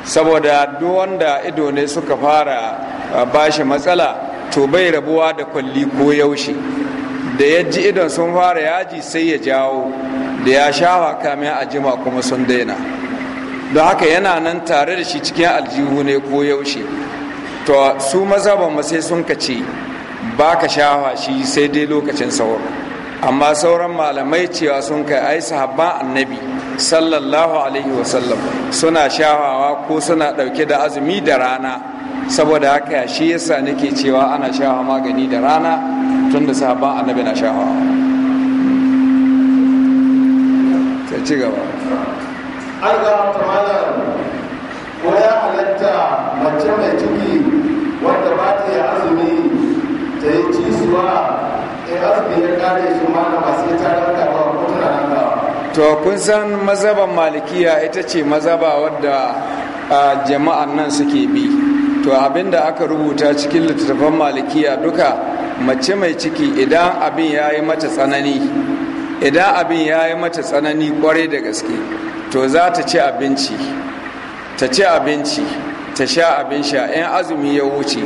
saboda duk wanda ido ne suka fara uh, bashi matsala to bai rabuwa da kwalli ko yaushe da ya ji idon sun fara yaji sai ya jawo da ya shawa kamin a jima kuma sun daina don haka yana nan tare da shi cikin aljihu ne ko yaushe to su maza mu sai sun kace ba ka shawa shi sai dai lokacin sauro. amma sauran malamai cewa sun kai ai sahabban annabi sallallahu alaihi wasallam suna shawawa ko suna ɗauke da azumi da rana saboda haka shi yasa nake cewa ana shawawa magani da rana tun da annabi na shawawa. ta ci gaba an ta tamalar ko ya halatta mace mai ciki wanda ba ta yi azumi ta yi cisuwa in azumi ya kare shi ma da masu ta tarar to kun san mazaban malikiya ita ce mazaba wadda jama'an nan suke bi to abinda aka rubuta cikin littattafan malikiya duka mace mai ciki idan abin ya yi mata tsanani idan abin ya yi mata tsanani kwarai da gaske to za ta ci abinci ta ci abinci ta sha abin sha 'yan azumi ya wuce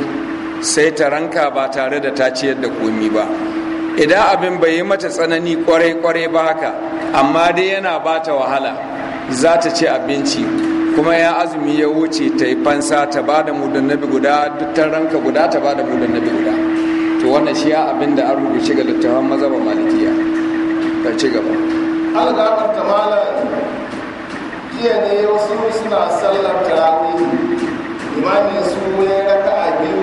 sai ta ranka ba tare da ta ciyar da komi ba idan abin bai yi mata tsanani kwarai-kwarai ba haka amma dai yana ba ta wahala za ta ci abinci kuma ya azumi ya wuce ta yi fansa ta ba da mudan nabi guda duk ranka guda ta ba da mudan nabi guda to wannan shi ya abin da an rubuce ga littafin mazaba malikiya ta ci gaba an ta jiya ne wasu suna sallar tarawih imamin su ya raka a biyu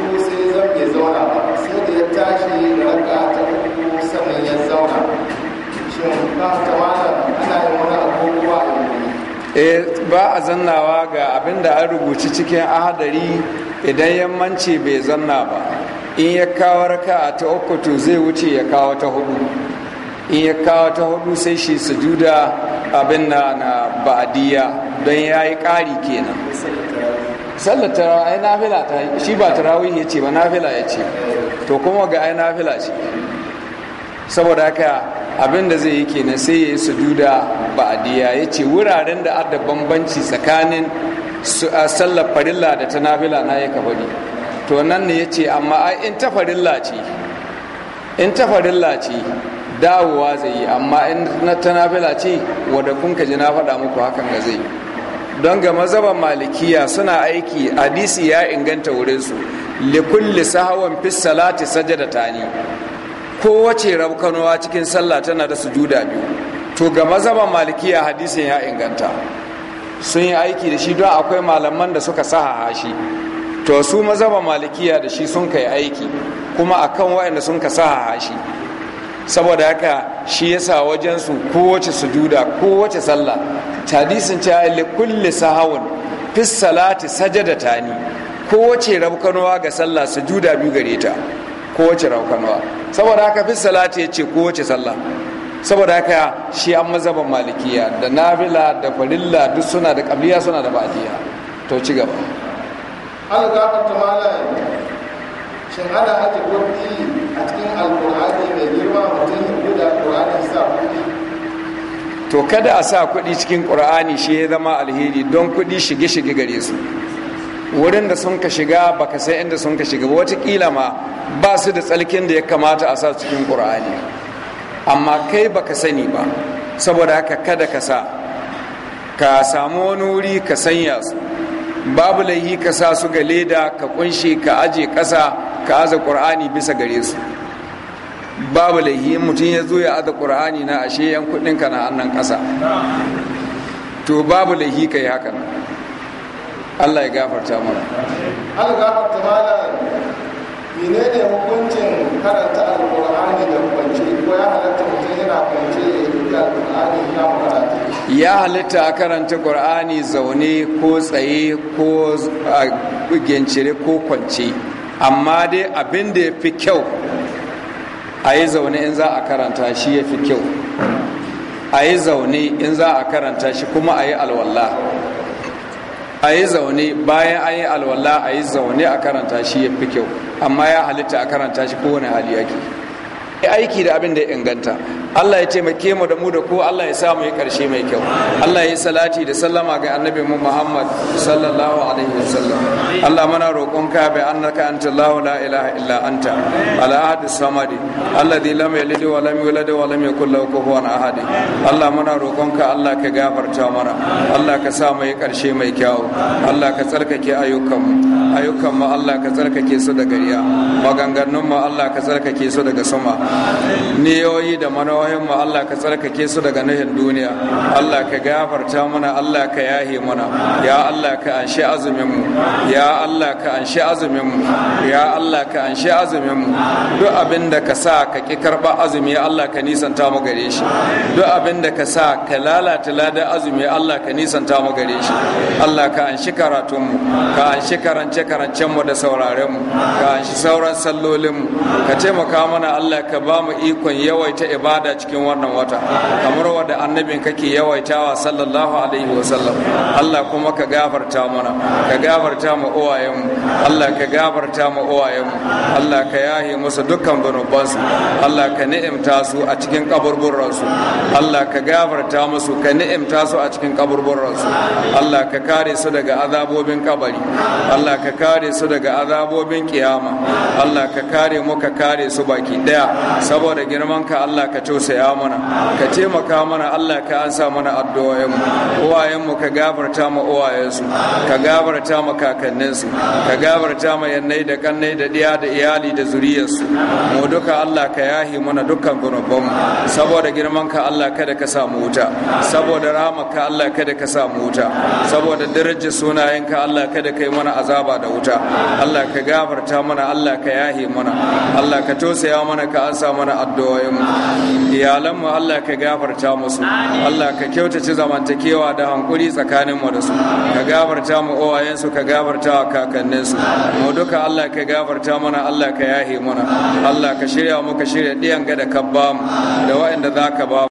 Eh, ba a zannawa ga abin da an rubuci cikin ahadari idan yammanci bai zanna ba in ya kawo raka ta uku to zai wuce ya kawo ta hudu in ya kawo ta hudu sai shi sujuda abin na na ba'adiyya don ya yi ƙari kenan sallar tarawih ai nafila ta shi ba tarawih ya ce ba nafila ya ce to kuma ga ai nafila ce saboda haka Abin da zai yi kenan sai ya yi sujuda ba'adiyya ya ce wuraren da adda bambanci tsakanin sallar farilla da ta nafila na ya ne to nan ne ya ce amma in ta farilla ce in ta farilla ce dawowa zai yi amma in na ta nafila ce wadda kun ka ji na faɗa muku hakan ga zai don ga mazaban malikiya suna aiki hadisi ya inganta wurinsu likulli sahawan fi salati sajada tani kowace rabkanuwa cikin sallah tana da sujuda biyu to ga mazhaban malikiya hadisin ya inganta sun yi aiki da shi don akwai malaman da suka saha hashi to su mazhaban malikiya da shi sun kai aiki kuma akan waɗanda sun ka saha hashi saboda haka shi yasa wajen su kowace sujuda kowace sallah hadisin ta li kulli sahawun fis salati sajadatani kowace rabkanuwa ga sallah sujuda biyu gare ta kowace raukanwa saboda haka fi salati ya ce kowace sallah saboda haka shi an mazaban malikiya da nafila da farilla duk suna da kabliya suna da ba'diya to ci gaba an ga ta mala shin ana haji kuɗi a cikin alkur'ani mai girma mutum ya da qur'ani sa kuɗi to kada a sa kuɗi cikin ƙur'ani shi ya zama alheri don kuɗi shige-shige gare su wurin da sun ka shiga baka sai inda sun ka shiga watakila ma ba su da tsalkin da ya kamata a sa cikin ƙur'ani amma kai baka sani ba saboda haka kada ka sa ka samu wani wuri ka sanya su babu laihi ka sa su ga leda ka kunshe ka aje ƙasa ka aza ƙur'ani bisa gare su babu laihi mutum ya zo ya aza ƙur'ani na ashe yan kuɗinka na annan ƙasa to babu laihi ka yi haka Allah ya gafarta mana Allah gafarta mana menene hukuncin karanta Alƙur'ani da kwance ko ya halatta mutum yana kwance ya yi Alƙur'ani ya karanta ya halatta a karanta qur'ani zaune ko tsaye ko a gincire ko kwance amma dai abin da ya fi kyau a yi zaune in za a karanta shi ya fi kyau a yi zaune in za a karanta shi kuma a yi alwallah a yi zaune bayan an yi alwala a yi zaune a karanta shi ya fi kyau amma ya halitta a karanta shi kowane hali ake yi aiki da abin da ya inganta Allah ya taimake mu da mu da ku Allah ya sa mu yi karshe mai kyau Allah ya yi salati da sallama ga annabi mu Muhammad sallallahu alaihi wasallam Allah muna ka bi annaka anta Allah la ilaha illa anta al ahad samad alladhi lam yalid wa lam yulad wa lam yakul lahu kufuwan ahad Allah muna ka Allah ka gafarta mana Allah ka sa mu yi karshe mai kyau Allah ka tsarkake ayyukan ayyukan mu Allah ka tsarkake su daga riya maganganun mu Allah ka tsarkake su daga sama niyoyi da manohin mu Allah ka tsarkake su daga nuhin duniya Allah ka gafarta mana Allah ka yahe mana ya Allah ka anshi azumin mu ya Allah ka anshi azumin mu ya Allah ka anshi azumin mu duk abin da ka sa ka ki karba azumi Allah ka nisanta mu gare shi duk abin da ka sa ka lalata ladan azumi Allah ka nisanta mu gare shi Allah ka anshi karatun mu ka anshi karance karancen mu da sauraren mu ka anshi sauran sallolin mu ka taimaka mana Allah ka ka ba mu ikon yawaita ibada cikin wannan wata kamar wadda annabin kake yawaitawa sallallahu alaihi wa sallam Allah kuma ka gafarta mana ka gafarta mu uwayenmu Allah ka gafarta mu uwayenmu Allah ka yahi musu dukkan zunubansu Allah ka ni'imta su a cikin kaburburransu Allah ka gafarta musu ka ni'imta su a cikin kaburburransu Allah ka kare su daga azabobin kabari Allah ka kare su daga azabobin kiyama Allah ka kare mu ka kare su baki daya saboda girmanka Allah ka tausaya mana ka taimaka mana Allah ka ansa mana addu'o'inmu uwayenmu ka gafarta ma uwayensu ka gafarta ma kakanninsu ka gafarta ma yannai da kannai da diya da iyali da zuriyarsu mu duka Allah ka yahi mana dukkan mu saboda girmanka Allah kada ka samu wuta saboda ka Allah kada ka samu wuta saboda darajar sunayen ka Allah kada kai mana azaba da wuta Allah ka gafarta mana Allah ka yahi mana Allah ka tausaya mana ka sa mana addu'o'in iyalan mu Allah ka gafarta musu Allah ka kyautace zamantakewa da hankuri tsakanin mu da su ka gafarta mu uwayen su ka gafarta wa kakannin su mu duka Allah ka gafarta mana Allah ka yahe mana Allah ka shirya mu ka shirya diyan ga da ka mu da wa'anda za ka ba